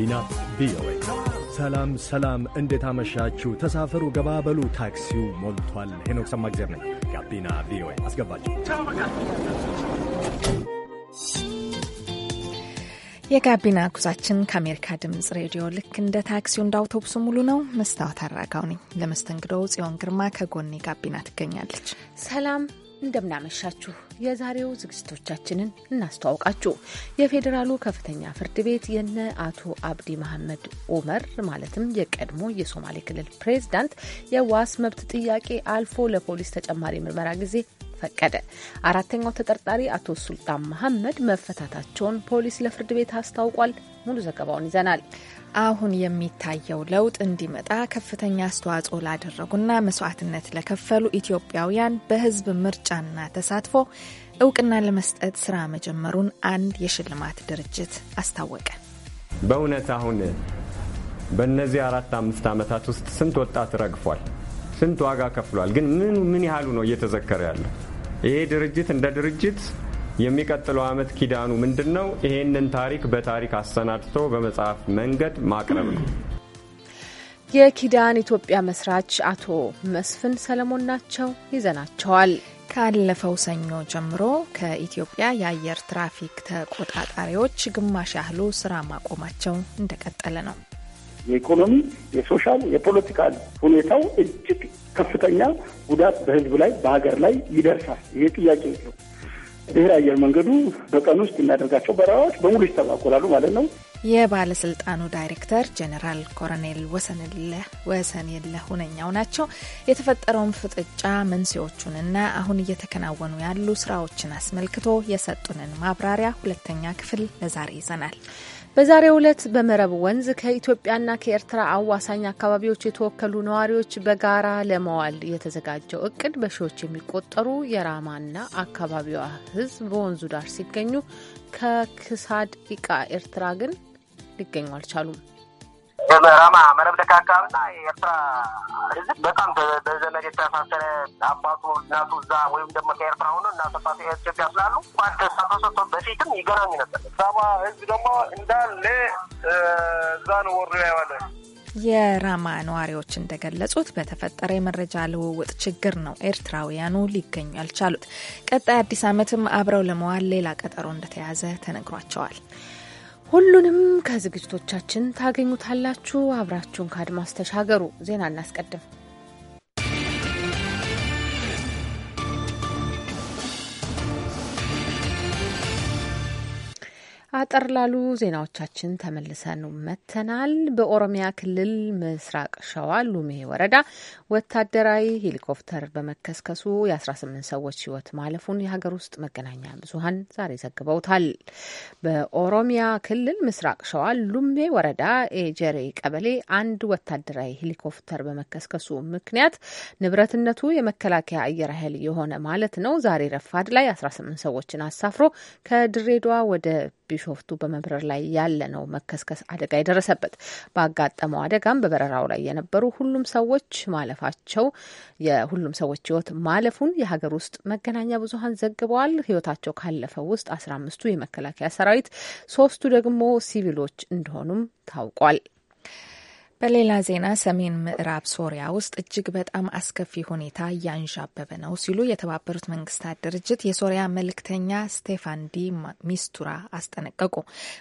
ጋቢና ቪኦኤ። ሰላም ሰላም፣ እንዴት አመሻችሁ? ተሳፈሩ፣ ገባበሉ፣ ታክሲው ሞልቷል። ሄኖክ ሰማግዜር ነኝ። ጋቢና ቪኦኤ አስገባችሁ። የጋቢና ጉዛችን ከአሜሪካ ድምጽ ሬዲዮ ልክ እንደ ታክሲው እንደ አውቶቡሱ ሙሉ ነው። መስታወት አራጋው ነኝ። ለመስተንግዶው ጽዮን ግርማ ከጎኔ ጋቢና ትገኛለች። ሰላም እንደምናመሻችሁ የዛሬው ዝግጅቶቻችንን እናስተዋውቃችሁ። የፌዴራሉ ከፍተኛ ፍርድ ቤት የነ አቶ አብዲ መሐመድ ኡመር ማለትም የቀድሞ የሶማሌ ክልል ፕሬዝዳንት የዋስ መብት ጥያቄ አልፎ ለፖሊስ ተጨማሪ ምርመራ ጊዜ ፈቀደ። አራተኛው ተጠርጣሪ አቶ ሱልጣን መሐመድ መፈታታቸውን ፖሊስ ለፍርድ ቤት አስታውቋል። ሙሉ ዘገባውን ይዘናል። አሁን የሚታየው ለውጥ እንዲመጣ ከፍተኛ አስተዋጽኦ ላደረጉና መስዋዕትነት ለከፈሉ ኢትዮጵያውያን በህዝብ ምርጫና ተሳትፎ እውቅና ለመስጠት ስራ መጀመሩን አንድ የሽልማት ድርጅት አስታወቀ። በእውነት አሁን በእነዚህ አራት አምስት ዓመታት ውስጥ ስንት ወጣት ረግፏል፣ ስንት ዋጋ ከፍሏል። ግን ምን ምን ያህሉ ነው እየተዘከረ ያለው? ይሄ ድርጅት እንደ ድርጅት የሚቀጥለው ዓመት ኪዳኑ ምንድን ነው? ይሄንን ታሪክ በታሪክ አሰናድቶ በመጽሐፍ መንገድ ማቅረብ ነው። የኪዳን ኢትዮጵያ መስራች አቶ መስፍን ሰለሞን ናቸው። ይዘናቸዋል። ካለፈው ሰኞ ጀምሮ ከኢትዮጵያ የአየር ትራፊክ ተቆጣጣሪዎች ግማሽ ያህሉ ስራ ማቆማቸው እንደቀጠለ ነው። የኢኮኖሚ፣ የሶሻል፣ የፖለቲካል ሁኔታው እጅግ ከፍተኛ ጉዳት በህዝብ ላይ በሀገር ላይ ይደርሳል። ይሄ ጥያቄ ነው። ብሔራዊ አየር መንገዱ በቀን ውስጥ የሚያደርጋቸው በረራዎች በሙሉ ይስተጓጎላሉ ማለት ነው። የባለስልጣኑ ዳይሬክተር ጀኔራል ኮሎኔል ወሰንየለህ ሁነኛው ናቸው። የተፈጠረውን ፍጥጫ መንስኤዎቹንና አሁን እየተከናወኑ ያሉ ስራዎችን አስመልክቶ የሰጡንን ማብራሪያ ሁለተኛ ክፍል ለዛሬ ይዘናል። በዛሬው ዕለት በመረብ ወንዝ ከኢትዮጵያና ከኤርትራ አዋሳኝ አካባቢዎች የተወከሉ ነዋሪዎች በጋራ ለመዋል የተዘጋጀው እቅድ በሺዎች የሚቆጠሩ የራማና አካባቢዋ ሕዝብ በወንዙ ዳር ሲገኙ ከክሳድ ቂቃ ኤርትራ ግን ሊገኙ አልቻሉም። የምዕራብ መረብደካ አካባቢና የኤርትራ ህዝብ በጣም በዘመድ የተሳሰረ አባቱ እናቱ እዛ ወይም ደግሞ ከኤርትራ ሆኖ እናሰፋት ኢትዮጵያ ስላሉ እንኳን ተሳሰሶቶ በፊትም ይገናኙ ነበር። ሳባ ህዝብ ደግሞ እንዳለ እዛን ወሩ ያዋለ። የራማ ነዋሪዎች እንደገለጹት በተፈጠረ የመረጃ ልውውጥ ችግር ነው ኤርትራውያኑ ሊገኙ ያልቻሉት። ቀጣይ አዲስ ዓመትም አብረው ለመዋል ሌላ ቀጠሮ እንደተያዘ ተነግሯቸዋል። ሁሉንም ከዝግጅቶቻችን ታገኙታላችሁ። አብራችሁን ከአድማስ ተሻገሩ። ዜና እናስቀድም። አጠር ላሉ ዜናዎቻችን ተመልሰን መጥተናል። በኦሮሚያ ክልል ምስራቅ ሸዋ ሉሜ ወረዳ ወታደራዊ ሄሊኮፕተር በመከስከሱ የ18 ሰዎች ሕይወት ማለፉን የሀገር ውስጥ መገናኛ ብዙኃን ዛሬ ዘግበውታል። በኦሮሚያ ክልል ምስራቅ ሸዋ ሉሜ ወረዳ ኤጀሬ ቀበሌ አንድ ወታደራዊ ሄሊኮፕተር በመከስከሱ ምክንያት ንብረትነቱ የመከላከያ አየር ኃይል የሆነ ማለት ነው ዛሬ ረፋድ ላይ 18 ሰዎችን አሳፍሮ ከድሬዳዋ ወደ ቢሾፍቱ በመብረር ላይ ያለ ነው መከስከስ አደጋ የደረሰበት። ባጋጠመው አደጋም በበረራው ላይ የነበሩ ሁሉም ሰዎች ማለፋቸው የሁሉም ሰዎች ህይወት ማለፉን የሀገር ውስጥ መገናኛ ብዙሀን ዘግበዋል። ህይወታቸው ካለፈው ውስጥ አስራ አምስቱ የመከላከያ ሰራዊት፣ ሶስቱ ደግሞ ሲቪሎች እንደሆኑም ታውቋል። በሌላ ዜና ሰሜን ምዕራብ ሶሪያ ውስጥ እጅግ በጣም አስከፊ ሁኔታ እያንዣበበ ነው ሲሉ የተባበሩት መንግስታት ድርጅት የሶሪያ መልእክተኛ ስቴፋን ዲ ሚስቱራ አስጠነቀቁ።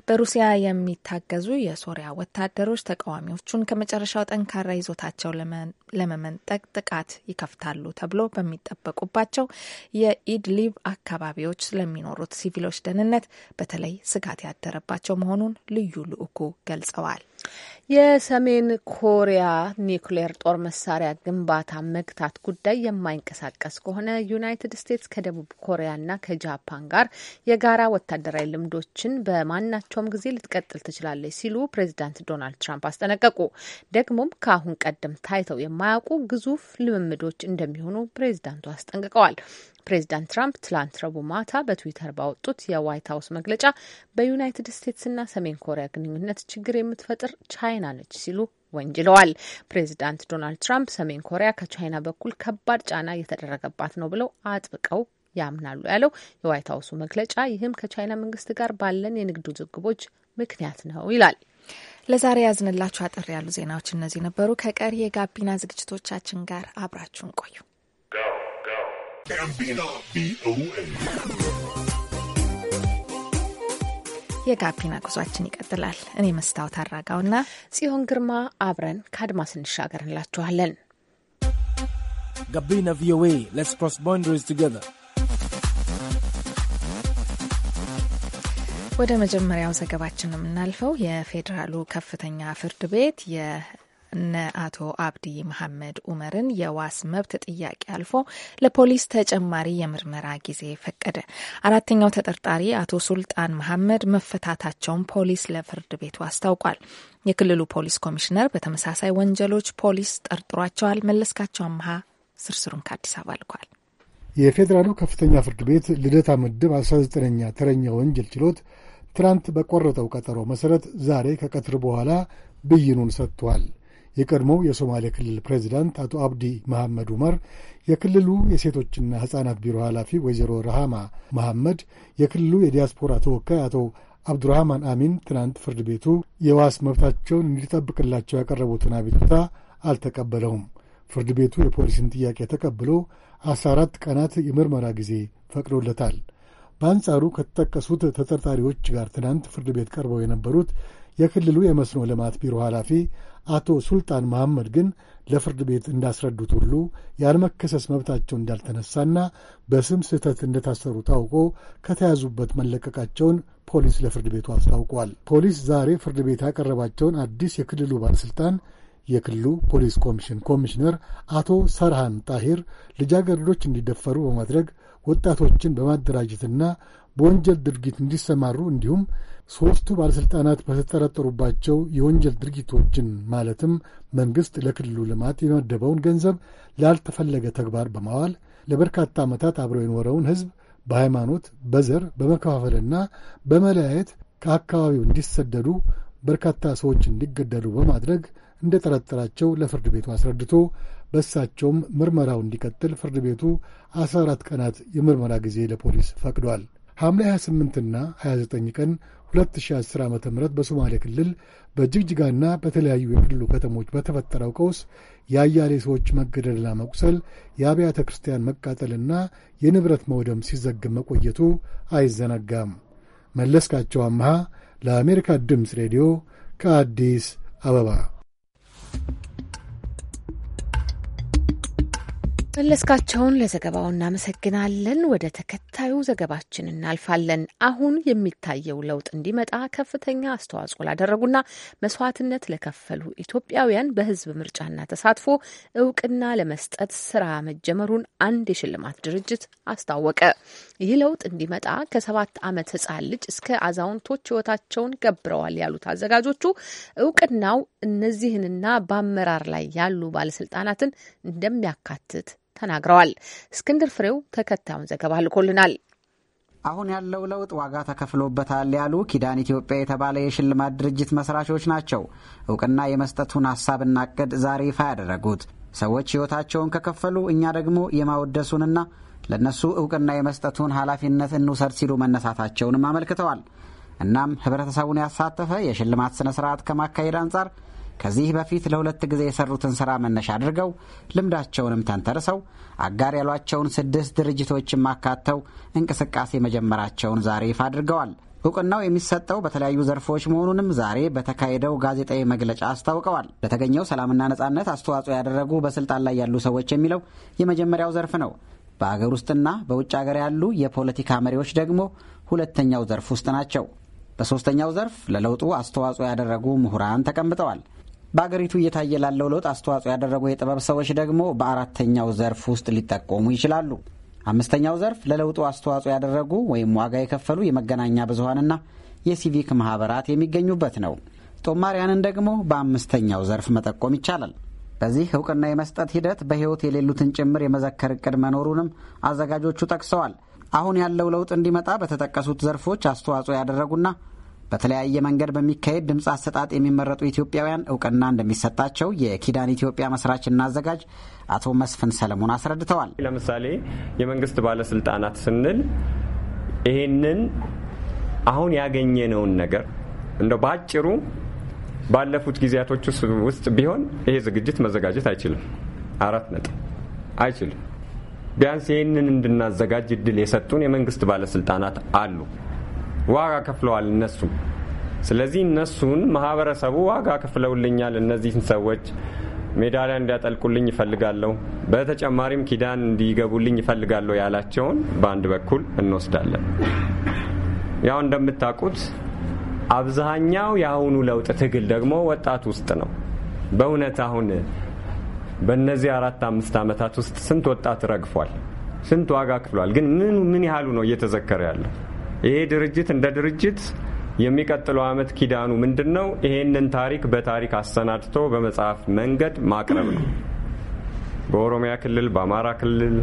በሩሲያ የሚታገዙ የሶሪያ ወታደሮች ተቃዋሚዎቹን ከመጨረሻው ጠንካራ ይዞታቸው ለመመንጠቅ ጥቃት ይከፍታሉ ተብሎ በሚጠበቁባቸው የኢድሊብ አካባቢዎች ስለሚኖሩት ሲቪሎች ደህንነት በተለይ ስጋት ያደረባቸው መሆኑን ልዩ ልዑኩ ገልጸዋል። የሰሜን ኮሪያ ኒውክሌር ጦር መሳሪያ ግንባታ መግታት ጉዳይ የማይንቀሳቀስ ከሆነ ዩናይትድ ስቴትስ ከደቡብ ኮሪያና ከጃፓን ጋር የጋራ ወታደራዊ ልምዶችን በማናቸውም ጊዜ ልትቀጥል ትችላለች ሲሉ ፕሬዚዳንት ዶናልድ ትራምፕ አስጠነቀቁ። ደግሞም ከአሁን ቀደም ታይተው የማያውቁ ግዙፍ ልምምዶች እንደሚሆኑ ፕሬዚዳንቱ አስጠንቅቀዋል። ፕሬዚዳንት ትራምፕ ትላንት ረቡዕ ማታ በትዊተር ባወጡት የዋይት ሀውስ መግለጫ በዩናይትድ ስቴትስና ሰሜን ኮሪያ ግንኙነት ችግር የምትፈጥር ቻይና ነች ሲሉ ወንጅለዋል። ፕሬዚዳንት ዶናልድ ትራምፕ ሰሜን ኮሪያ ከቻይና በኩል ከባድ ጫና እየተደረገባት ነው ብለው አጥብቀው ያምናሉ ያለው የዋይት ሀውሱ መግለጫ ይህም ከቻይና መንግስት ጋር ባለን የንግድ ውዝግቦች ምክንያት ነው ይላል። ለዛሬ ያዝንላችሁ አጠር ያሉ ዜናዎች እነዚህ ነበሩ። ከቀሪ የጋቢና ዝግጅቶቻችን ጋር አብራችሁን ቆዩ። ጋቢና ቪኦኤ የጋቢና ጉዟችን ይቀጥላል። እኔ መስታወት አራጋውና ጽዮን ግርማ አብረን ከአድማስ እንሻገር እንላችኋለን። ጋቢና ቪኦኤ ሌትስ ክሮስ ቦንደሪስ ቱጌዘር ወደ መጀመሪያው ዘገባችን የምናልፈው የፌዴራሉ ከፍተኛ ፍርድ ቤት እነ አቶ አብዲ መሐመድ ኡመርን የዋስ መብት ጥያቄ አልፎ ለፖሊስ ተጨማሪ የምርመራ ጊዜ ፈቀደ። አራተኛው ተጠርጣሪ አቶ ሱልጣን መሐመድ መፈታታቸውን ፖሊስ ለፍርድ ቤቱ አስታውቋል። የክልሉ ፖሊስ ኮሚሽነር በተመሳሳይ ወንጀሎች ፖሊስ ጠርጥሯቸዋል። መለስካቸው አምሃ ዝርዝሩን ከአዲስ አበባ ልኳል። የፌዴራሉ ከፍተኛ ፍርድ ቤት ልደታ ምድብ 19ኛ ተረኛ ወንጀል ችሎት ትናንት በቆረጠው ቀጠሮ መሠረት ዛሬ ከቀትር በኋላ ብይኑን ሰጥቷል። የቀድሞው የሶማሌ ክልል ፕሬዚዳንት አቶ አብዲ መሐመድ ዑመር፣ የክልሉ የሴቶችና ሕፃናት ቢሮ ኃላፊ ወይዘሮ ረሃማ መሐመድ፣ የክልሉ የዲያስፖራ ተወካይ አቶ አብዱራህማን አሚን ትናንት ፍርድ ቤቱ የዋስ መብታቸውን እንዲጠብቅላቸው ያቀረቡትን አቤቱታ አልተቀበለውም። ፍርድ ቤቱ የፖሊስን ጥያቄ ተቀብሎ አስራ አራት ቀናት የምርመራ ጊዜ ፈቅዶለታል። በአንጻሩ ከተጠቀሱት ተጠርጣሪዎች ጋር ትናንት ፍርድ ቤት ቀርበው የነበሩት የክልሉ የመስኖ ልማት ቢሮ ኃላፊ አቶ ሱልጣን መሐመድ ግን ለፍርድ ቤት እንዳስረዱት ሁሉ ያለመከሰስ መብታቸው እንዳልተነሳና በስም ስህተት እንደታሰሩ ታውቆ ከተያዙበት መለቀቃቸውን ፖሊስ ለፍርድ ቤቱ አስታውቋል። ፖሊስ ዛሬ ፍርድ ቤት ያቀረባቸውን አዲስ የክልሉ ባለሥልጣን የክልሉ ፖሊስ ኮሚሽን ኮሚሽነር አቶ ሰርሃን ጣሂር ልጃገረዶች እንዲደፈሩ በማድረግ ወጣቶችን በማደራጀትና በወንጀል ድርጊት እንዲሰማሩ እንዲሁም ሦስቱ ባለሥልጣናት በተጠረጠሩባቸው የወንጀል ድርጊቶችን ማለትም መንግሥት ለክልሉ ልማት የመደበውን ገንዘብ ላልተፈለገ ተግባር በማዋል ለበርካታ ዓመታት አብረው የኖረውን ሕዝብ በሃይማኖት፣ በዘር በመከፋፈልና በመለያየት ከአካባቢው እንዲሰደዱ በርካታ ሰዎች እንዲገደሉ በማድረግ እንደጠረጠራቸው ለፍርድ ቤቱ አስረድቶ በእሳቸውም ምርመራው እንዲቀጥል ፍርድ ቤቱ 14 ቀናት የምርመራ ጊዜ ለፖሊስ ፈቅዷል። ሐምሌ 28ና 29 ቀን 2010 ዓ ም በሶማሌ ክልል በጅግጅጋና በተለያዩ የክልሉ ከተሞች በተፈጠረው ቀውስ የአያሌ ሰዎች መገደልና መቁሰል፣ የአብያተ ክርስቲያን መቃጠልና የንብረት መውደም ሲዘግብ መቆየቱ አይዘነጋም። መለስካቸው አመሃ ለአሜሪካ ድምፅ ሬዲዮ ከአዲስ አበባ መለስካቸውን ለዘገባው እናመሰግናለን። ወደ ተከታዩ ዘገባችን እናልፋለን። አሁን የሚታየው ለውጥ እንዲመጣ ከፍተኛ አስተዋጽኦ ላደረጉና መስዋዕትነት ለከፈሉ ኢትዮጵያውያን በሕዝብ ምርጫና ተሳትፎ እውቅና ለመስጠት ስራ መጀመሩን አንድ የሽልማት ድርጅት አስታወቀ። ይህ ለውጥ እንዲመጣ ከሰባት ዓመት ሕጻን ልጅ እስከ አዛውንቶች ሕይወታቸውን ገብረዋል ያሉት አዘጋጆቹ እውቅናው እነዚህንና በአመራር ላይ ያሉ ባለስልጣናትን እንደሚያካትት ተናግረዋል። እስክንድር ፍሬው ተከታዩን ዘገባ ልኮልናል። አሁን ያለው ለውጥ ዋጋ ተከፍሎበታል ያሉ ኪዳን ኢትዮጵያ የተባለ የሽልማት ድርጅት መስራቾች ናቸው። እውቅና የመስጠቱን ሀሳብና እቅድ ዛሬ ይፋ ያደረጉት ሰዎች ሕይወታቸውን ከከፈሉ እኛ ደግሞ የማወደሱንና ለእነሱ እውቅና የመስጠቱን ኃላፊነት እንውሰድ ሲሉ መነሳታቸውንም አመልክተዋል። እናም ህብረተሰቡን ያሳተፈ የሽልማት ስነ ስርዓት ከማካሄድ አንጻር ከዚህ በፊት ለሁለት ጊዜ የሰሩትን ሥራ መነሻ አድርገው ልምዳቸውንም ተንተርሰው አጋር ያሏቸውን ስድስት ድርጅቶችን ማካተው እንቅስቃሴ መጀመራቸውን ዛሬ ይፋ አድርገዋል። እውቅናው የሚሰጠው በተለያዩ ዘርፎች መሆኑንም ዛሬ በተካሄደው ጋዜጣዊ መግለጫ አስታውቀዋል። ለተገኘው ሰላምና ነጻነት አስተዋጽኦ ያደረጉ በስልጣን ላይ ያሉ ሰዎች የሚለው የመጀመሪያው ዘርፍ ነው። በአገር ውስጥና በውጭ አገር ያሉ የፖለቲካ መሪዎች ደግሞ ሁለተኛው ዘርፍ ውስጥ ናቸው። በሦስተኛው ዘርፍ ለለውጡ አስተዋጽኦ ያደረጉ ምሁራን ተቀምጠዋል። በአገሪቱ እየታየ ላለው ለውጥ አስተዋጽኦ ያደረጉ የጥበብ ሰዎች ደግሞ በአራተኛው ዘርፍ ውስጥ ሊጠቆሙ ይችላሉ። አምስተኛው ዘርፍ ለለውጡ አስተዋጽኦ ያደረጉ ወይም ዋጋ የከፈሉ የመገናኛ ብዙሀንና የሲቪክ ማህበራት የሚገኙበት ነው። ጦማሪያንን ደግሞ በአምስተኛው ዘርፍ መጠቆም ይቻላል። በዚህ እውቅና የመስጠት ሂደት በሕይወት የሌሉትን ጭምር የመዘከር እቅድ መኖሩንም አዘጋጆቹ ጠቅሰዋል። አሁን ያለው ለውጥ እንዲመጣ በተጠቀሱት ዘርፎች አስተዋጽኦ ያደረጉና በተለያየ መንገድ በሚካሄድ ድምፅ አሰጣጥ የሚመረጡ ኢትዮጵያውያን እውቅና እንደሚሰጣቸው የኪዳን ኢትዮጵያ መስራችና አዘጋጅ አቶ መስፍን ሰለሞን አስረድተዋል። ለምሳሌ የመንግስት ባለስልጣናት ስንል ይህንን አሁን ያገኘነውን ነገር እንደ በአጭሩ ባለፉት ጊዜያቶች ውስጥ ቢሆን ይሄ ዝግጅት መዘጋጀት አይችልም፣ አራት ነጥብ አይችልም። ቢያንስ ይህንን እንድናዘጋጅ እድል የሰጡን የመንግስት ባለስልጣናት አሉ። ዋጋ ከፍለዋል እነሱም። ስለዚህ እነሱን ማህበረሰቡ ዋጋ ከፍለውልኛል፣ እነዚህን ሰዎች ሜዳሊያ እንዲያጠልቁልኝ ይፈልጋለሁ፣ በተጨማሪም ኪዳን እንዲገቡልኝ ይፈልጋለሁ ያላቸውን በአንድ በኩል እንወስዳለን። ያው እንደምታውቁት አብዛኛው የአሁኑ ለውጥ ትግል ደግሞ ወጣት ውስጥ ነው። በእውነት አሁን በእነዚህ አራት አምስት ዓመታት ውስጥ ስንት ወጣት ረግፏል፣ ስንት ዋጋ ክፍሏል? ግን ምን ምን ያህሉ ነው እየተዘከረ ያለው? ይሄ ድርጅት እንደ ድርጅት የሚቀጥለው ዓመት ኪዳኑ ምንድን ነው? ይሄንን ታሪክ በታሪክ አሰናድቶ በመጽሐፍ መንገድ ማቅረብ ነው። በኦሮሚያ ክልል፣ በአማራ ክልል፣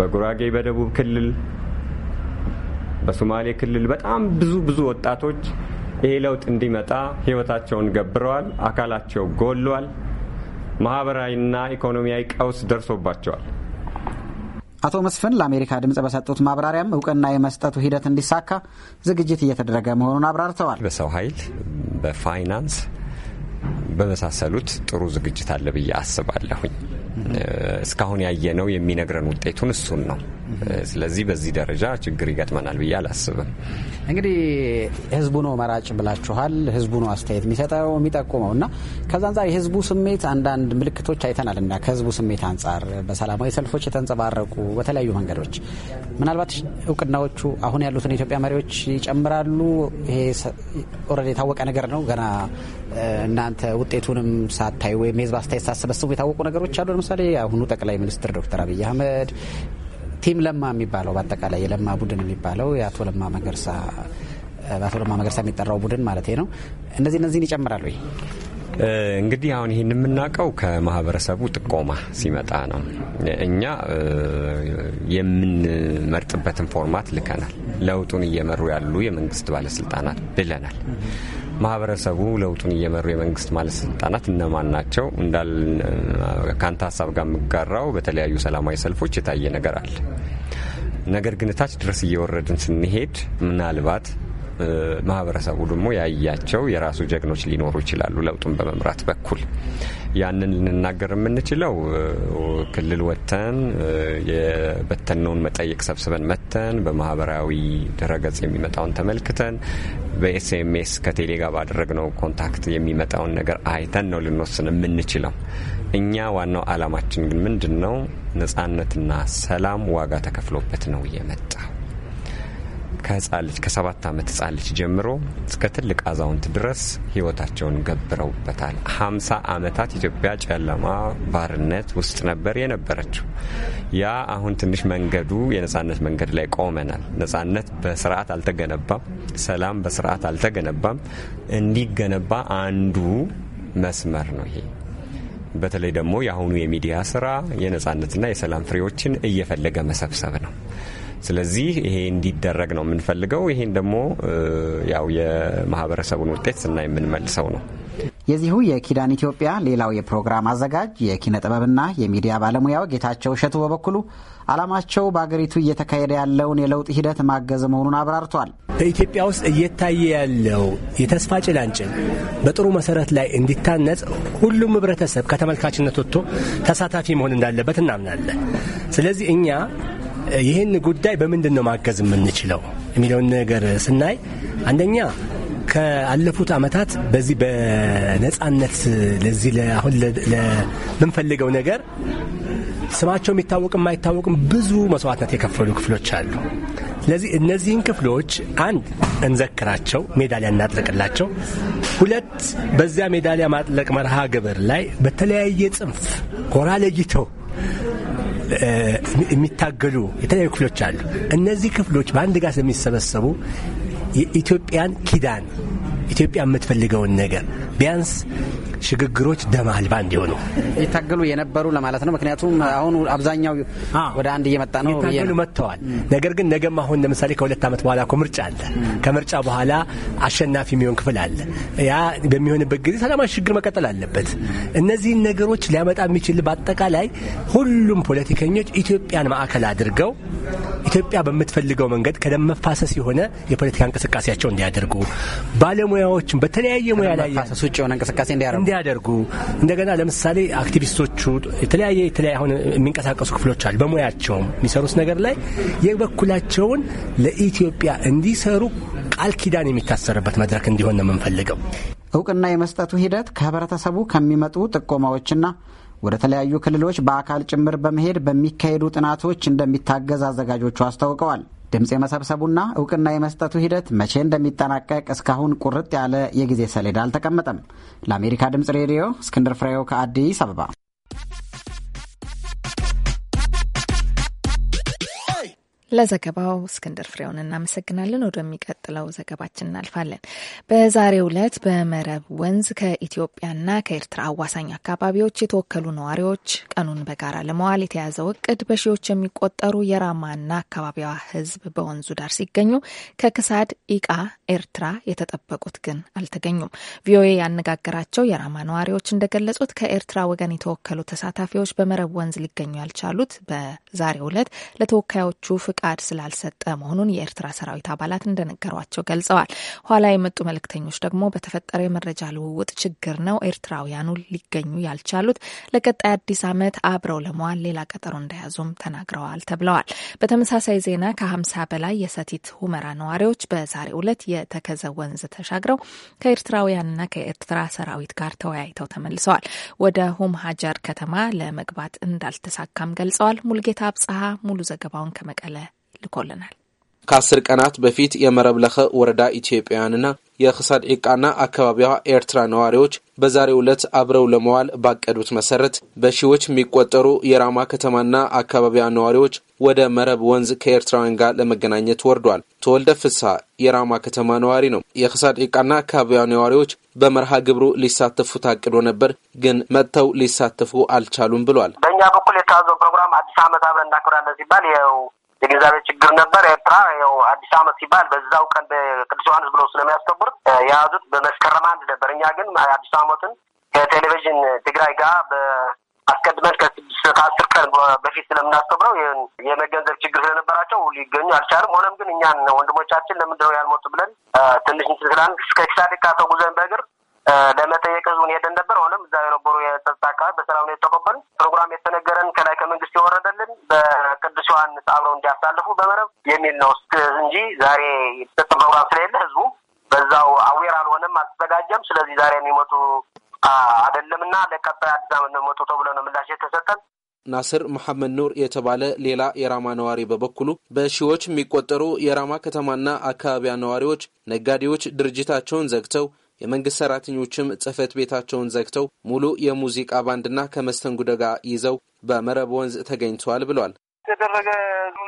በጉራጌ፣ በደቡብ ክልል፣ በሶማሌ ክልል በጣም ብዙ ብዙ ወጣቶች ይሄ ለውጥ እንዲመጣ ህይወታቸውን ገብረዋል። አካላቸው ጎሏል። ማህበራዊና ኢኮኖሚያዊ ቀውስ ደርሶባቸዋል። አቶ መስፍን ለአሜሪካ ድምፅ በሰጡት ማብራሪያም እውቅና የመስጠቱ ሂደት እንዲሳካ ዝግጅት እየተደረገ መሆኑን አብራርተዋል። በሰው ኃይል፣ በፋይናንስ በመሳሰሉት ጥሩ ዝግጅት አለ ብዬ አስባለሁኝ። እስካሁን ያየነው የሚነግረን ውጤቱን እሱን ነው። ስለዚህ በዚህ ደረጃ ችግር ይገጥመናል ብዬ አላስብም። እንግዲህ ህዝቡ ነው መራጭ ብላችኋል። ህዝቡ ነው አስተያየት የሚሰጠው የሚጠቁመው እና ከዛ አንጻር የህዝቡ ስሜት አንዳንድ ምልክቶች አይተናል እና ከህዝቡ ስሜት አንጻር በሰላማዊ ሰልፎች የተንጸባረቁ በተለያዩ መንገዶች ምናልባት እውቅናዎቹ አሁን ያሉትን የኢትዮጵያ መሪዎች ይጨምራሉ። ይሄ ኦልሬዲ የታወቀ ነገር ነው። ገና እናንተ ውጤቱንም ሳታዩ ወይም የህዝብ አስተያየት ሳሰበስቡ የታወቁ ነገሮች አሉ። ለምሳሌ አሁኑ ጠቅላይ ሚኒስትር ዶክተር አብይ አህመድ ቲም ለማ የሚባለው በአጠቃላይ የለማ ቡድን የሚባለው የአቶ ለማ መገርሳ በአቶ ለማ መገርሳ የሚጠራው ቡድን ማለት ነው። እነዚህ እነዚህን ይጨምራሉ። እንግዲህ አሁን ይህን የምናውቀው ከማህበረሰቡ ጥቆማ ሲመጣ ነው። እኛ የምንመርጥበትን ፎርማት ልከናል። ለውጡን እየመሩ ያሉ የመንግስት ባለስልጣናት ብለናል። ማህበረሰቡ ለውጡን እየመሩ የመንግስት ባለስልጣናት እነማን ናቸው? እንዳል ከአንተ ሀሳብ ጋር የምጋራው በተለያዩ ሰላማዊ ሰልፎች የታየ ነገር አለ። ነገር ግን እታች ድረስ እየወረድን ስንሄድ ምናልባት ማህበረሰቡ ደግሞ ያያቸው የራሱ ጀግኖች ሊኖሩ ይችላሉ። ለውጡን በመምራት በኩል ያንን ልንናገር የምንችለው ክልል ወጥተን የበተነውን መጠይቅ ሰብስበን መ ተመልክተን በማህበራዊ ድረገጽ የሚመጣውን ተመልክተን በኤስኤምኤስ ከቴሌ ጋር ባደረግነው ኮንታክት የሚመጣውን ነገር አይተን ነው ልንወስን የምንችለው። እኛ ዋናው አላማችን ግን ምንድን ነው? ነጻነትና ሰላም ዋጋ ተከፍሎበት ነው የመጣው። ከህፃን ልጅ ከሰባት ዓመት ህፃን ልጅ ጀምሮ እስከ ትልቅ አዛውንት ድረስ ህይወታቸውን ገብረውበታል። ሀምሳ ዓመታት ኢትዮጵያ ጨለማ ባርነት ውስጥ ነበር የነበረችው። ያ አሁን ትንሽ መንገዱ የነጻነት መንገድ ላይ ቆመናል። ነጻነት በስርዓት አልተገነባም። ሰላም በስርዓት አልተገነባም። እንዲገነባ አንዱ መስመር ነው ይሄ። በተለይ ደግሞ የአሁኑ የሚዲያ ስራ የነጻነትና የሰላም ፍሬዎችን እየፈለገ መሰብሰብ ነው። ስለዚህ ይሄ እንዲደረግ ነው የምንፈልገው። ይሄን ደግሞ ያው የማህበረሰቡን ውጤት ስናይ የምንመልሰው ነው። የዚሁ የኪዳን ኢትዮጵያ ሌላው የፕሮግራም አዘጋጅ የኪነ ጥበብና የሚዲያ ባለሙያው ጌታቸው እሸቱ በበኩሉ ዓላማቸው በአገሪቱ እየተካሄደ ያለውን የለውጥ ሂደት ማገዝ መሆኑን አብራርቷል። በኢትዮጵያ ውስጥ እየታየ ያለው የተስፋ ጭላንጭል በጥሩ መሰረት ላይ እንዲታነጽ ሁሉም ህብረተሰብ ከተመልካችነት ወጥቶ ተሳታፊ መሆን እንዳለበት እናምናለን። ስለዚህ እኛ ይህን ጉዳይ በምንድን ነው ማገዝ የምንችለው የሚለውን ነገር ስናይ አንደኛ ከአለፉት ዓመታት በዚህ በነጻነት ለዚህ አሁን ለምንፈልገው ነገር ስማቸው የሚታወቅ የማይታወቅም ብዙ መስዋዕትነት የከፈሉ ክፍሎች አሉ። ስለዚህ እነዚህን ክፍሎች አንድ እንዘክራቸው፣ ሜዳሊያ እናጥለቅላቸው። ሁለት በዚያ ሜዳሊያ ማጥለቅ መርሃ ግብር ላይ በተለያየ ጽንፍ ጎራ ለይተው የሚታገሉ የተለያዩ ክፍሎች አሉ። እነዚህ ክፍሎች በአንድ ጋር ስለሚሰበሰቡ የኢትዮጵያን ኪዳን ኢትዮጵያ የምትፈልገውን ነገር ቢያንስ ሽግግሮች ደም አልባ እንዲሆኑ ይታገሉ የነበሩ ለማለት ነው። ምክንያቱም አሁን አብዛኛው ወደ አንድ እየመጣ ነው። ይታገሉ መጥተዋል። ነገር ግን ነገም አሁን ለምሳሌ ከሁለት ዓመት በኋላ እኮ ምርጫ አለ። ከምርጫ በኋላ አሸናፊ የሚሆን ክፍል አለ። ያ በሚሆንበት ጊዜ ሰላማዊ ሽግግር መቀጠል አለበት። እነዚህን ነገሮች ሊያመጣ የሚችል በአጠቃላይ ሁሉም ፖለቲከኞች ኢትዮጵያን ማዕከል አድርገው ኢትዮጵያ በምትፈልገው መንገድ ከደም መፋሰስ የሆነ የፖለቲካ እንቅስቃሴያቸው እንዲያደርጉ ባለሙያዎችን በተለያየ ሙያ ላይ ውጭ የሆነ እንቅስቃሴ እንዲያደርጉ ሲያደርጉ እንደገና ለምሳሌ አክቲቪስቶቹ የተለያየ የተለያየ አሁን የሚንቀሳቀሱ ክፍሎች አሉ። በሙያቸውም የሚሰሩት ነገር ላይ የበኩላቸውን ለኢትዮጵያ እንዲሰሩ ቃል ኪዳን የሚታሰርበት መድረክ እንዲሆን ነው የምንፈልገው። እውቅና የመስጠቱ ሂደት ከህብረተሰቡ ከሚመጡ ጥቆማዎችና ወደ ተለያዩ ክልሎች በአካል ጭምር በመሄድ በሚካሄዱ ጥናቶች እንደሚታገዝ አዘጋጆቹ አስታውቀዋል። ድምፅ የመሰብሰቡና እውቅና የመስጠቱ ሂደት መቼ እንደሚጠናቀቅ እስካሁን ቁርጥ ያለ የጊዜ ሰሌዳ አልተቀመጠም። ለአሜሪካ ድምፅ ሬዲዮ እስክንድር ፍሬው ከአዲስ አበባ ለዘገባው እስክንድር ፍሬውን እናመሰግናለን። ወደሚቀጥለው ዘገባችን እናልፋለን። በዛሬው ዕለት በመረብ ወንዝ ከኢትዮጵያና ከኤርትራ አዋሳኝ አካባቢዎች የተወከሉ ነዋሪዎች ቀኑን በጋራ ለመዋል የተያዘው እቅድ በሺዎች የሚቆጠሩ የራማና አካባቢዋ ሕዝብ በወንዙ ዳር ሲገኙ ከክሳድ ኢቃ ኤርትራ የተጠበቁት ግን አልተገኙም። ቪኦኤ ያነጋገራቸው የራማ ነዋሪዎች እንደገለጹት ከኤርትራ ወገን የተወከሉ ተሳታፊዎች በመረብ ወንዝ ሊገኙ ያልቻሉት በዛሬው ዕለት ለተወካዮቹ ፍቃድ ስላልሰጠ መሆኑን የኤርትራ ሰራዊት አባላት እንደነገሯቸው ገልጸዋል። ኋላ የመጡ መልእክተኞች ደግሞ በተፈጠረ የመረጃ ልውውጥ ችግር ነው ኤርትራውያኑ ሊገኙ ያልቻሉት፣ ለቀጣይ አዲስ ዓመት አብረው ለመዋል ሌላ ቀጠሮ እንደያዙም ተናግረዋል ተብለዋል። በተመሳሳይ ዜና ከሀምሳ በላይ የሰቲት ሁመራ ነዋሪዎች በዛሬው ዕለት የተከዘ ወንዝ ተሻግረው ከኤርትራውያንና ከኤርትራ ሰራዊት ጋር ተወያይተው ተመልሰዋል። ወደ ሁም ሀጀር ከተማ ለመግባት እንዳልተሳካም ገልጸዋል። ሙልጌታ አብጸሀ ሙሉ ዘገባውን ከመቀለ ልኮልናል። ከአስር ቀናት በፊት የመረብ ለኸ ወረዳ ኢትዮጵያውያንና የክሳድ ዒቃና አካባቢዋ ኤርትራ ነዋሪዎች በዛሬው ዕለት አብረው ለመዋል ባቀዱት መሰረት በሺዎች የሚቆጠሩ የራማ ከተማና አካባቢዋ ነዋሪዎች ወደ መረብ ወንዝ ከኤርትራውያን ጋር ለመገናኘት ወርዷል። ተወልደ ፍሳ የራማ ከተማ ነዋሪ ነው። የክሳድ ዒቃና አካባቢዋ ነዋሪዎች በመርሃ ግብሩ ሊሳተፉ ታቅዶ ነበር፣ ግን መጥተው ሊሳተፉ አልቻሉም ብሏል። በእኛ በኩል የታዘው ፕሮግራም አዲስ ዓመት አብረን እናክብራለን ሲባል የግንዛቤ ችግር ነበር። ኤርትራ ያው አዲስ አመት ሲባል በዛው ቀን በቅዱስ ዮሐንስ ብለው ስለሚያስከብሩት የያዙት በመስከረም አንድ ነበር። እኛ ግን አዲስ አመትን ከቴሌቪዥን ትግራይ ጋር በአስቀድመን ከስድስት አስር ቀን በፊት ስለምናስከብረው ይህን የመገንዘብ ችግር ስለነበራቸው ሊገኙ አልቻልም። ሆነም ግን እኛን ወንድሞቻችን ለምንድነው ያልሞቱ ብለን ትንሽ እንትን እስከ ኪሳድካ ተጉዘን በእግር ለመጠየቅ ህዝቡን ሄደን ነበር። ሆኖም እዛ የነበሩ የጸጥታ አካባቢ በሰላም ነው የተቀበሉ። ፕሮግራም የተነገረን ከላይ ከመንግስት የወረደልን በቅዱስ ዮሐንስ አብረው እንዲያሳልፉ በመረብ የሚል ነው እንጂ ዛሬ የተሰጠ ፕሮግራም ስለሌለ ህዝቡ በዛው አዌር አልሆነም፣ አልተዘጋጀም። ስለዚህ ዛሬ የሚመጡ አይደለምና ለቀጣይ አዲስ ዓመት ነው መጡ ተብሎ ነው ምላሽ የተሰጠን። ናስር መሐመድ ኑር የተባለ ሌላ የራማ ነዋሪ በበኩሉ በሺዎች የሚቆጠሩ የራማ ከተማና አካባቢያ ነዋሪዎች፣ ነጋዴዎች ድርጅታቸውን ዘግተው የመንግስት ሰራተኞችም ጽህፈት ቤታቸውን ዘግተው ሙሉ የሙዚቃ ባንድና ከመስተንጉዶ ጋር ይዘው በመረብ ወንዝ ተገኝተዋል ብሏል። የተደረገ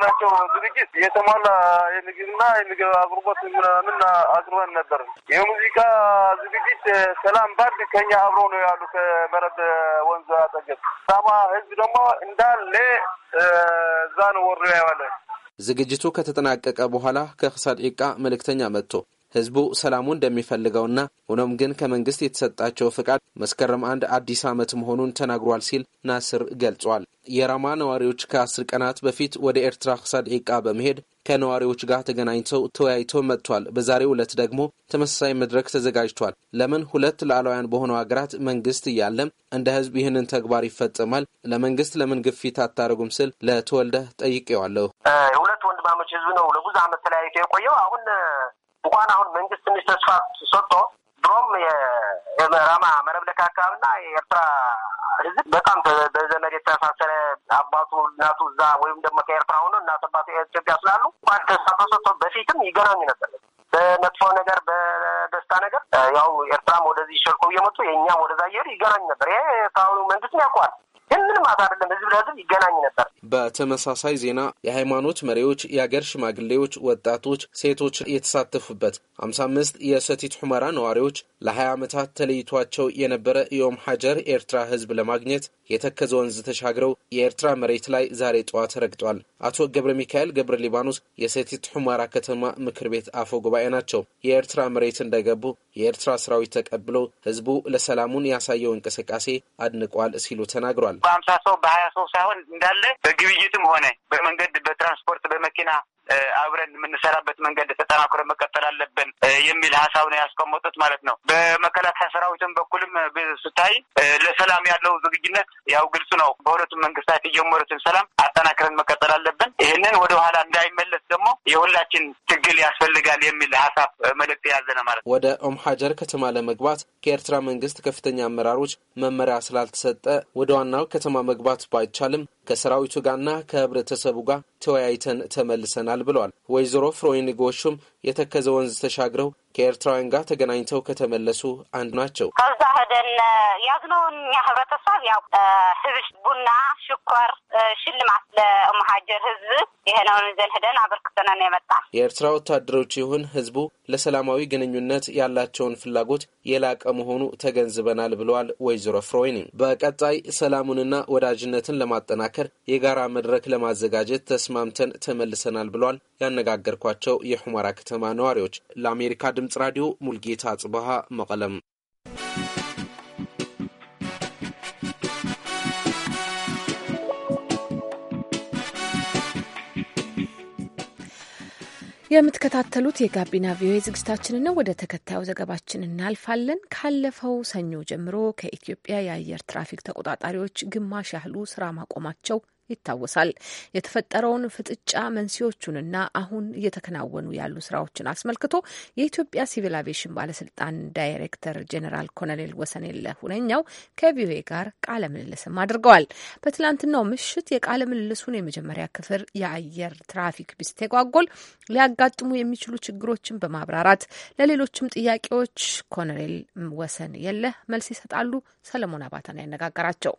ናቸው ዝግጅት የተሟላ የምግብና የምግብ አቅርቦት ምን አቅርበን ነበር። የሙዚቃ ዝግጅት ሰላም ባንድ ከኛ አብሮ ነው ያሉ ከመረብ ወንዝ አጠገብ ሳማ ህዝብ ደግሞ እንዳለ እዛ ነው ወርዶ ያዋለ። ዝግጅቱ ከተጠናቀቀ በኋላ ከክሳድ ዒቃ መልእክተኛ መጥቶ ህዝቡ ሰላሙ እንደሚፈልገውና ሆኖም ግን ከመንግስት የተሰጣቸው ፍቃድ መስከረም አንድ አዲስ ዓመት መሆኑን ተናግሯል ሲል ናስር ገልጿል። የራማ ነዋሪዎች ከአስር ቀናት በፊት ወደ ኤርትራ ሳድዒቃ በመሄድ ከነዋሪዎች ጋር ተገናኝተው ተወያይተው መጥቷል። በዛሬው ዕለት ደግሞ ተመሳሳይ መድረክ ተዘጋጅቷል። ለምን ሁለት ላዕላውያን በሆነው ሀገራት መንግስት እያለም እንደ ህዝብ ይህንን ተግባር ይፈጸማል? ለመንግስት ለምን ግፊት አታደርጉም? ስል ለተወልደ ጠይቄዋለሁ። ሁለት ወንድማሞች ህዝብ ነው ለብዙ አመት ተለያይቶ የቆየው አሁን እንኳን አሁን መንግስት ትንሽ ተስፋ ሰጥቶ ድሮም የራማ መረብለክ አካባቢና የኤርትራ ህዝብ በጣም በዘመድ የተሳሰረ አባቱ እናቱ እዛ ወይም ደግሞ ከኤርትራ ሆኖ እናት አባቱ ኢትዮጵያ ስላሉ እንኳን ተስፋ ተሰጥቶ በፊትም ይገናኙ ነበር። በመጥፎ ነገር፣ በደስታ ነገር ያው ኤርትራም ወደዚህ ሸልኮ እየመጡ የእኛም ወደዛ እየሄዱ ይገናኙ ነበር። ይሄ ታሁኑ መንግስት ያውቀዋል። ግን ምንም አታደለም። ህዝብ ለህዝብ ይገናኝ ነበር። በተመሳሳይ ዜና የሃይማኖት መሪዎች፣ የአገር ሽማግሌዎች፣ ወጣቶች፣ ሴቶች የተሳተፉበት ሀምሳ አምስት የሰቲት ሁመራ ነዋሪዎች ለ20 ዓመታት ተለይቷቸው የነበረ ኢዮም ሀጀር ኤርትራ ህዝብ ለማግኘት የተከዘ ወንዝ ተሻግረው የኤርትራ መሬት ላይ ዛሬ ጠዋት ረግጧል። አቶ ገብረ ሚካኤል ገብረ ሊባኖስ የሴቲት ሑመራ ከተማ ምክር ቤት አፈ ጉባኤ ናቸው። የኤርትራ መሬት እንደገቡ የኤርትራ ሰራዊት ተቀብለው ህዝቡ ለሰላሙን ያሳየው እንቅስቃሴ አድንቋል ሲሉ ተናግሯል። በአምሳ ሰው በሀያ ሰው ሳይሆን እንዳለ በግብይትም ሆነ በመንገድ በትራንስፖርት በመኪና አብረን የምንሰራበት መንገድ ተጠናክሮ መቀጠል አለብን የሚል ሀሳብ ነው ያስቀመጡት ማለት ነው። በመከላከያ ሰራዊትን በኩልም ስታይ ለሰላም ያለው ዝግጅነት ያው ግልጹ ነው። በሁለቱም መንግስታት የጀመሩትን ሰላም አጠናክረን መቀጠል አለብን። ይህንን ወደ ኋላ እንዳይመለስ ደግሞ የሁላችን ትግል ያስፈልጋል የሚል ሀሳብ መልእክት የያዘ ነው ማለት ነው። ወደ ኦም ሀጀር ከተማ ለመግባት ከኤርትራ መንግስት ከፍተኛ አመራሮች መመሪያ ስላልተሰጠ ወደ ዋናው ከተማ መግባት ባይቻልም ከሰራዊቱ ጋርና ከህብረተሰቡ ጋር ተወያይተን ተመልሰናል ብለዋል። ወይዘሮ ፍሮይን ጎሹም የተከዘ ወንዝ ተሻግረው ከኤርትራውያን ጋር ተገናኝተው ከተመለሱ አንዱ ናቸው። ከዛ ሄደን ያዝነውን እኛ ህብረተሰብ ያው ህብሽ፣ ቡና፣ ሽኮር ሽልማት ለመሀጀር ህዝብ የሆነውን ይዘን ሄደን አበርክተነን ነው የኤርትራ ወታደሮች ይሁን ህዝቡ ለሰላማዊ ግንኙነት ያላቸውን ፍላጎት የላቀ መሆኑ ተገንዝበናል ብለዋል ወይዘሮ ፍሮይኒ። በቀጣይ ሰላሙንና ወዳጅነትን ለማጠናከር የጋራ መድረክ ለማዘጋጀት ተስማምተን ተመልሰናል ብለዋል ያነጋገርኳቸው የሑመራ ከተማ ነዋሪዎች። ለአሜሪካ ድምጽ ራዲዮ ሙልጌታ ጽብሃ መቀለም የምትከታተሉት የጋቢና ቪኦኤ ዝግጅታችንን ነው። ወደ ተከታዩ ዘገባችን እናልፋለን። ካለፈው ሰኞ ጀምሮ ከኢትዮጵያ የአየር ትራፊክ ተቆጣጣሪዎች ግማሽ ያህሉ ስራ ማቆማቸው ይታወሳል። የተፈጠረውን ፍጥጫ መንስኤዎቹንና አሁን እየተከናወኑ ያሉ ስራዎችን አስመልክቶ የኢትዮጵያ ሲቪል አቪዬሽን ባለስልጣን ዳይሬክተር ጄኔራል ኮሎኔል ወሰኔለ ሁነኛው ከቪኦኤ ጋር ቃለ ምልልስም አድርገዋል። በትላንትናው ምሽት የቃለ ምልልሱን የመጀመሪያ ክፍል የአየር ትራፊክ ቢስተጓጎል ሊያጋጥሙ የሚችሉ ችግሮችን በማብራራት ለሌሎችም ጥያቄዎች ኮሎኔል የለ መልስ ይሰጣሉ። ሰለሞን አባተን ያነጋገራቸው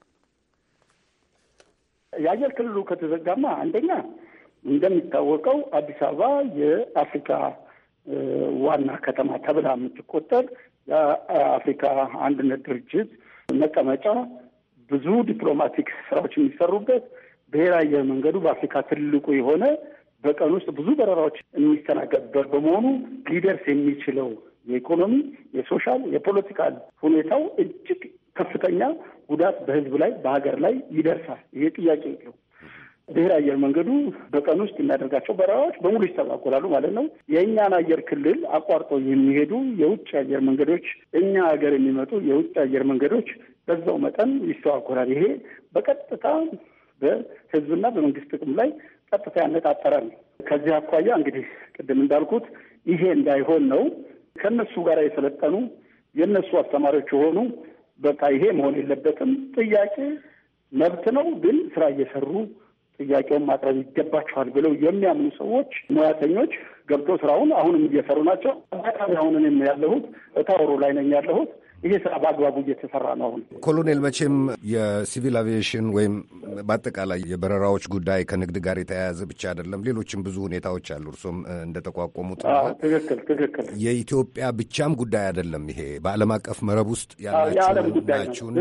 የአየር ክልሉ ከተዘጋማ አንደኛ እንደሚታወቀው አዲስ አበባ የአፍሪካ ዋና ከተማ ተብላ የምትቆጠር የአፍሪካ አንድነት ድርጅት መቀመጫ፣ ብዙ ዲፕሎማቲክ ስራዎች የሚሰሩበት ብሔራዊ አየር መንገዱ በአፍሪካ ትልቁ የሆነ በቀን ውስጥ ብዙ በረራዎች የሚስተናገድበት በመሆኑ ሊደርስ የሚችለው የኢኮኖሚ፣ የሶሻል፣ የፖለቲካል ሁኔታው እጅግ ከፍተኛ ጉዳት በህዝብ ላይ በሀገር ላይ ይደርሳል። ይሄ ጥያቄ የለው። ብሔራዊ አየር መንገዱ በቀን ውስጥ የሚያደርጋቸው በረራዎች በሙሉ ይስተጓጎላሉ ማለት ነው። የእኛን አየር ክልል አቋርጠው የሚሄዱ የውጭ አየር መንገዶች፣ እኛ ሀገር የሚመጡ የውጭ አየር መንገዶች በዛው መጠን ይስተጓጎላል። ይሄ በቀጥታ በህዝብና በመንግስት ጥቅም ላይ ቀጥታ ያነጣጠረ ነው። ከዚህ አኳያ እንግዲህ ቅድም እንዳልኩት ይሄ እንዳይሆን ነው ከእነሱ ጋር የሰለጠኑ የእነሱ አስተማሪዎች የሆኑ በቃ ይሄ መሆን የለበትም። ጥያቄ መብት ነው፣ ግን ስራ እየሰሩ ጥያቄውን ማቅረብ ይገባቸዋል ብለው የሚያምኑ ሰዎች፣ ሙያተኞች ገብተው ስራውን አሁንም እየሰሩ ናቸው። አሁን እኔም ያለሁት እታወሩ ላይ ነኝ ያለሁት ይሄ ስራ በአግባቡ እየተሰራ ነው። አሁን ኮሎኔል፣ መቼም የሲቪል አቪዬሽን ወይም በአጠቃላይ የበረራዎች ጉዳይ ከንግድ ጋር የተያያዘ ብቻ አይደለም። ሌሎችም ብዙ ሁኔታዎች አሉ። እርሶም እንደተቋቋሙት ትክክል ትክክል። የኢትዮጵያ ብቻም ጉዳይ አይደለም። ይሄ በዓለም አቀፍ መረብ ውስጥ ያላችሁ ናችሁና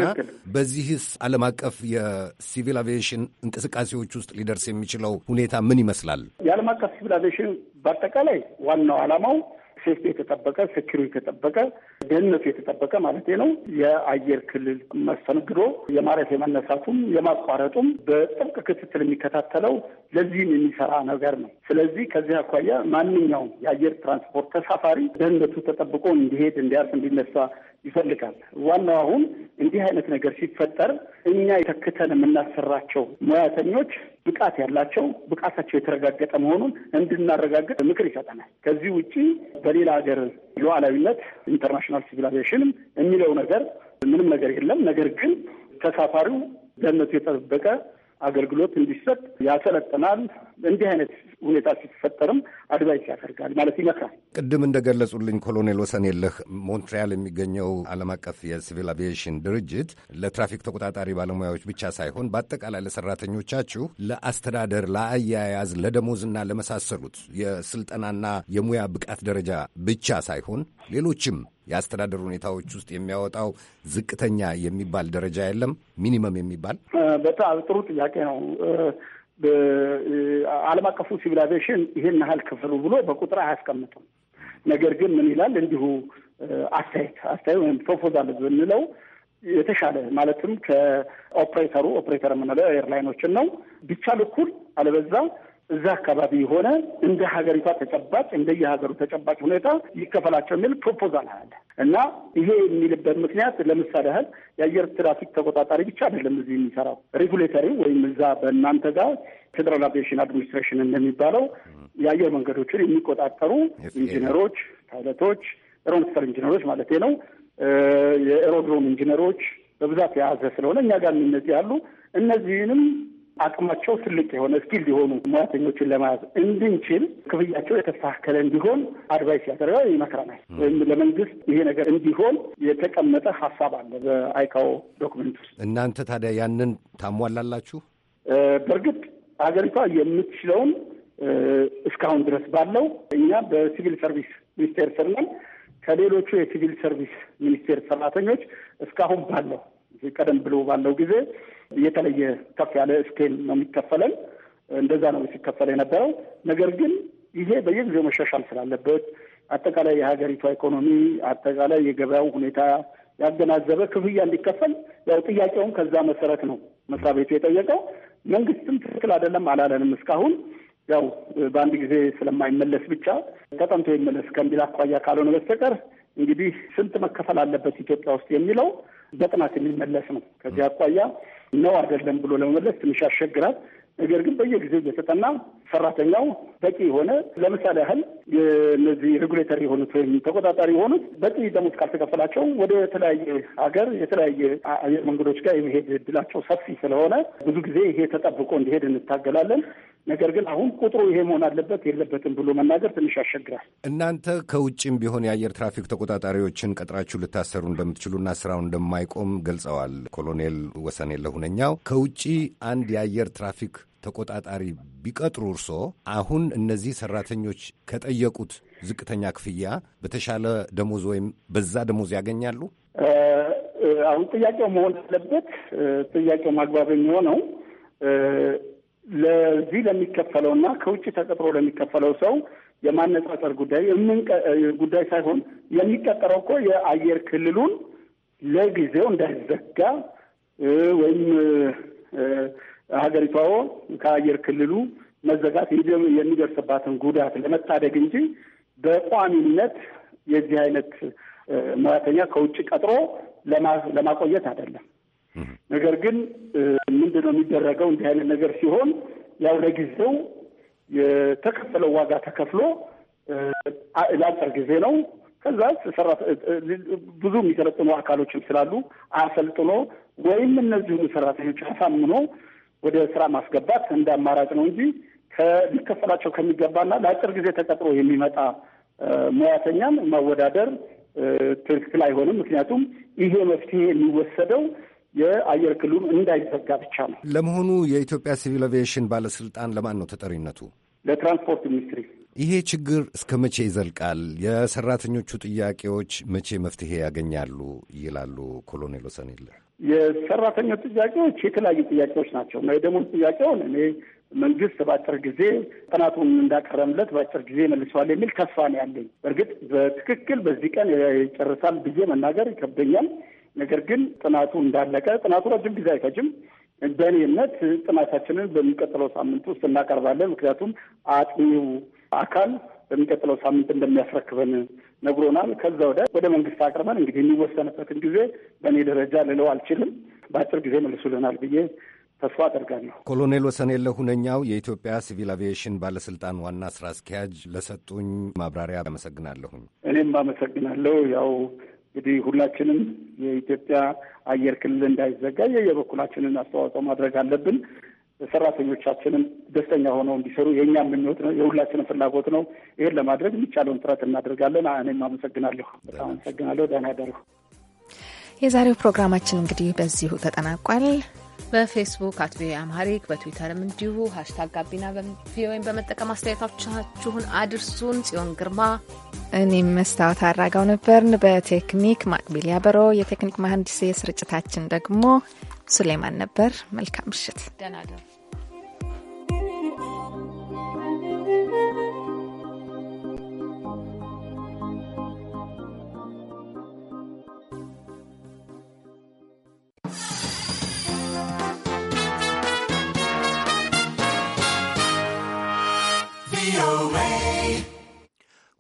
በዚህስ ዓለም አቀፍ የሲቪል አቪዬሽን እንቅስቃሴዎች ውስጥ ሊደርስ የሚችለው ሁኔታ ምን ይመስላል? የዓለም አቀፍ ሲቪል አቪዬሽን በአጠቃላይ ዋናው ዓላማው ሴፍቲ የተጠበቀ ሴኪሪ የተጠበቀ ደህንነቱ የተጠበቀ ማለት ነው የአየር ክልል መስተንግዶ የማረፍ የመነሳቱም የማቋረጡም በጥብቅ ክትትል የሚከታተለው ለዚህም የሚሰራ ነገር ነው። ስለዚህ ከዚህ አኳያ ማንኛውም የአየር ትራንስፖርት ተሳፋሪ ደህንነቱ ተጠብቆ እንዲሄድ፣ እንዲያርፍ፣ እንዲነሳ ይፈልጋል። ዋናው አሁን እንዲህ አይነት ነገር ሲፈጠር እኛ የተክተን የምናሰራቸው ሙያተኞች ብቃት ያላቸው ብቃታቸው የተረጋገጠ መሆኑን እንድናረጋግጥ ምክር ይሰጠናል። ከዚህ ውጪ በሌላ ሀገር ሉዓላዊነት ኢንተርናሽናል ሲቪላይዜሽንም የሚለው ነገር ምንም ነገር የለም። ነገር ግን ተሳፋሪው ደህንነቱ የጠበቀ አገልግሎት እንዲሰጥ ያሰለጥናል። እንዲህ አይነት ሁኔታ ሲፈጠርም አድቫይስ ያደርጋል ማለት ይመክራል። ቅድም እንደገለጹልኝ ኮሎኔል ወሰን የለህ ሞንትሪያል የሚገኘው ዓለም አቀፍ የሲቪል አቪዬሽን ድርጅት ለትራፊክ ተቆጣጣሪ ባለሙያዎች ብቻ ሳይሆን በአጠቃላይ ለሰራተኞቻችሁ ለአስተዳደር፣ ለአያያዝ፣ ለደሞዝና ለመሳሰሉት የስልጠናና የሙያ ብቃት ደረጃ ብቻ ሳይሆን ሌሎችም የአስተዳደር ሁኔታዎች ውስጥ የሚያወጣው ዝቅተኛ የሚባል ደረጃ የለም? ሚኒመም የሚባል በጣም ጥሩ ጥያቄ ነው። አለም አቀፉ ሲቪላይዜሽን ይሄን ያህል ክፍሉ ብሎ በቁጥር አያስቀምጥም። ነገር ግን ምን ይላል እንዲሁ አስተያየት አስተያየት ወይም ፕሮፖዛል ብንለው የተሻለ ማለትም ከኦፕሬተሩ ኦፕሬተር የምንለው ኤርላይኖችን ነው ብቻ እኩል አለበዛ እዛ አካባቢ የሆነ እንደ ሀገሪቷ ተጨባጭ እንደየሀገሩ ተጨባጭ ሁኔታ ይከፈላቸው የሚል ፕሮፖዛል አለ እና ይሄ የሚልበት ምክንያት ለምሳሌ ያህል የአየር ትራፊክ ተቆጣጣሪ ብቻ አይደለም እዚህ የሚሰራው ሬጉሌተሪ ወይም እዛ በእናንተ ጋር ፌደራል አቪዬሽን አድሚኒስትሬሽን እንደሚባለው የአየር መንገዶችን የሚቆጣጠሩ ኢንጂነሮች፣ ፓይለቶች፣ ኤሮኖቲካል ኢንጂነሮች ማለት ነው የኤሮድሮም ኢንጂነሮች በብዛት የያዘ ስለሆነ እኛ ጋር እነዚህ ያሉ እነዚህንም አቅማቸው ትልቅ የሆነ ስኪል ሊሆኑ ሙያተኞችን ለመያዝ እንድንችል ክፍያቸው የተስተካከለ እንዲሆን አድቫይስ ያደረገ ይመክረናል። ወይም ለመንግስት ይሄ ነገር እንዲሆን የተቀመጠ ሀሳብ አለ በአይካኦ ዶክመንት ውስጥ። እናንተ ታዲያ ያንን ታሟላላችሁ? በእርግጥ ሀገሪቷ የምትችለውን እስካሁን ድረስ ባለው እኛ በሲቪል ሰርቪስ ሚኒስቴር ስር ነን። ከሌሎቹ የሲቪል ሰርቪስ ሚኒስቴር ሰራተኞች እስካሁን ባለው ቀደም ብሎ ባለው ጊዜ የተለየ ከፍ ያለ ስኬል ነው የሚከፈለን። እንደዛ ነው ሲከፈል የነበረው። ነገር ግን ይሄ በየጊዜው መሻሻል ስላለበት አጠቃላይ የሀገሪቷ ኢኮኖሚ፣ አጠቃላይ የገበያው ሁኔታ ያገናዘበ ክፍያ እንዲከፈል ያው ጥያቄውን ከዛ መሰረት ነው መስሪያ ቤቱ የጠየቀው። መንግስትም ትክክል አይደለም አላለንም እስካሁን ያው በአንድ ጊዜ ስለማይመለስ ብቻ ተጠምቶ ይመለስ ከሚል አኳያ ካልሆነ በስተቀር እንግዲህ ስንት መከፈል አለበት ኢትዮጵያ ውስጥ የሚለው በጥናት የሚመለስ ነው። ከዚህ አኳያ ነው አይደለም ብሎ ለመመለስ ትንሽ ያስቸግራል። ነገር ግን በየጊዜው እየተጠና ሰራተኛው በቂ የሆነ ለምሳሌ ያህል እነዚህ ሬጉሌተር የሆኑት ወይም ተቆጣጣሪ የሆኑት በቂ ደሞዝ ካልተከፈላቸው ወደ የተለያየ ሀገር የተለያየ አየር መንገዶች ጋር የመሄድ እድላቸው ሰፊ ስለሆነ ብዙ ጊዜ ይሄ ተጠብቆ እንዲሄድ እንታገላለን። ነገር ግን አሁን ቁጥሩ ይሄ መሆን አለበት የለበትም ብሎ መናገር ትንሽ ያስቸግራል። እናንተ ከውጭም ቢሆን የአየር ትራፊክ ተቆጣጣሪዎችን ቀጥራችሁ ልታሰሩ እንደምትችሉና ስራው እንደማይቆም ገልጸዋል ኮሎኔል ወሰን የለሁነኛው። ከውጭ አንድ የአየር ትራፊክ ተቆጣጣሪ ቢቀጥሩ እርሶ አሁን እነዚህ ሰራተኞች ከጠየቁት ዝቅተኛ ክፍያ በተሻለ ደሞዝ ወይም በዛ ደሞዝ ያገኛሉ? አሁን ጥያቄው መሆን ያለበት ጥያቄው ማግባብ የሚሆነው ለዚህ ለሚከፈለውና ከውጭ ተቀጥሮ ለሚከፈለው ሰው የማነጻጸር ጉዳይ ጉዳይ ሳይሆን የሚቀጠረው እኮ የአየር ክልሉን ለጊዜው እንዳይዘጋ ወይም ሀገሪቷ ከአየር ክልሉ መዘጋት የሚደርስባትን ጉዳት ለመታደግ እንጂ በቋሚነት የዚህ አይነት ሙያተኛ ከውጭ ቀጥሮ ለማቆየት አይደለም። ነገር ግን ምንድን ነው የሚደረገው? እንዲህ አይነት ነገር ሲሆን ያው ለጊዜው የተከፈለው ዋጋ ተከፍሎ ለአጭር ጊዜ ነው። ከዛ ብዙ የሚሰለጥኑ አካሎችም ስላሉ አሰልጥኖ ወይም እነዚሁን ሰራተኞች አሳምኖ ወደ ስራ ማስገባት እንደ አማራጭ ነው እንጂ ከሚከፈላቸው ከሚገባና ለአጭር ጊዜ ተቀጥሮ የሚመጣ ሙያተኛን ማወዳደር ትክክል አይሆንም። ምክንያቱም ይሄ መፍትሄ የሚወሰደው የአየር ክልሉን እንዳይዘጋ ብቻ ነው። ለመሆኑ የኢትዮጵያ ሲቪል አቪዬሽን ባለስልጣን ለማን ነው ተጠሪነቱ? ለትራንስፖርት ሚኒስትሪ። ይሄ ችግር እስከ መቼ ይዘልቃል? የሰራተኞቹ ጥያቄዎች መቼ መፍትሄ ያገኛሉ? ይላሉ ኮሎኔል ወሰንየለህ የሰራተኞች ጥያቄዎች የተለያዩ ጥያቄዎች ናቸው። የደሞዝ ጥያቄውን እኔ መንግስት በአጭር ጊዜ ጥናቱን እንዳቀረምለት በአጭር ጊዜ መልሰዋል የሚል ተስፋ ነው ያለኝ። በእርግጥ በትክክል በዚህ ቀን ይጨርሳል ብዬ መናገር ይከብደኛል። ነገር ግን ጥናቱ እንዳለቀ ጥናቱ ረጅም ጊዜ አይፈጅም። በእኔ እምነት ጥናታችንን በሚቀጥለው ሳምንት ውስጥ እናቀርባለን። ምክንያቱም አጥኚው አካል በሚቀጥለው ሳምንት እንደሚያስረክበን ነግሮናል። ከዛ ወደ ወደ መንግስት አቅርበን እንግዲህ የሚወሰንበትን ጊዜ በእኔ ደረጃ ልለው አልችልም። በአጭር ጊዜ መልሱልናል ብዬ ተስፋ አደርጋለሁ። ኮሎኔል ወሰንየለህ ሁነኛው የኢትዮጵያ ሲቪል አቪዬሽን ባለስልጣን ዋና ስራ አስኪያጅ ለሰጡኝ ማብራሪያ አመሰግናለሁኝ። እኔም አመሰግናለሁ። ያው እንግዲህ ሁላችንም የኢትዮጵያ አየር ክልል እንዳይዘጋ የየበኩላችንን አስተዋጽኦ ማድረግ አለብን። ሰራተኞቻችንም ደስተኛ ሆነው እንዲሰሩ የእኛ ምኞት ነው፣ የሁላችንም ፍላጎት ነው። ይህን ለማድረግ የሚቻለውን ጥረት እናደርጋለን። እኔም አመሰግናለሁ፣ በጣም አመሰግናለሁ። ደህና ያደሩ። የዛሬው ፕሮግራማችን እንግዲህ በዚሁ ተጠናቋል። በፌስቡክ አት ቪኦኤ አምሃሪክ በትዊተርም እንዲሁ ሀሽታግ ጋቢና ቪኦኤን በመጠቀም አስተያየቶቻችሁን አድርሱን። ጽዮን ግርማ፣ እኔም መስታወት አራጋው ነበርን። በቴክኒክ ማቅቢል ያበሮ፣ የቴክኒክ መሀንዲስ፣ የስርጭታችን ደግሞ ሱሌማን ነበር። መልካም ምሽት።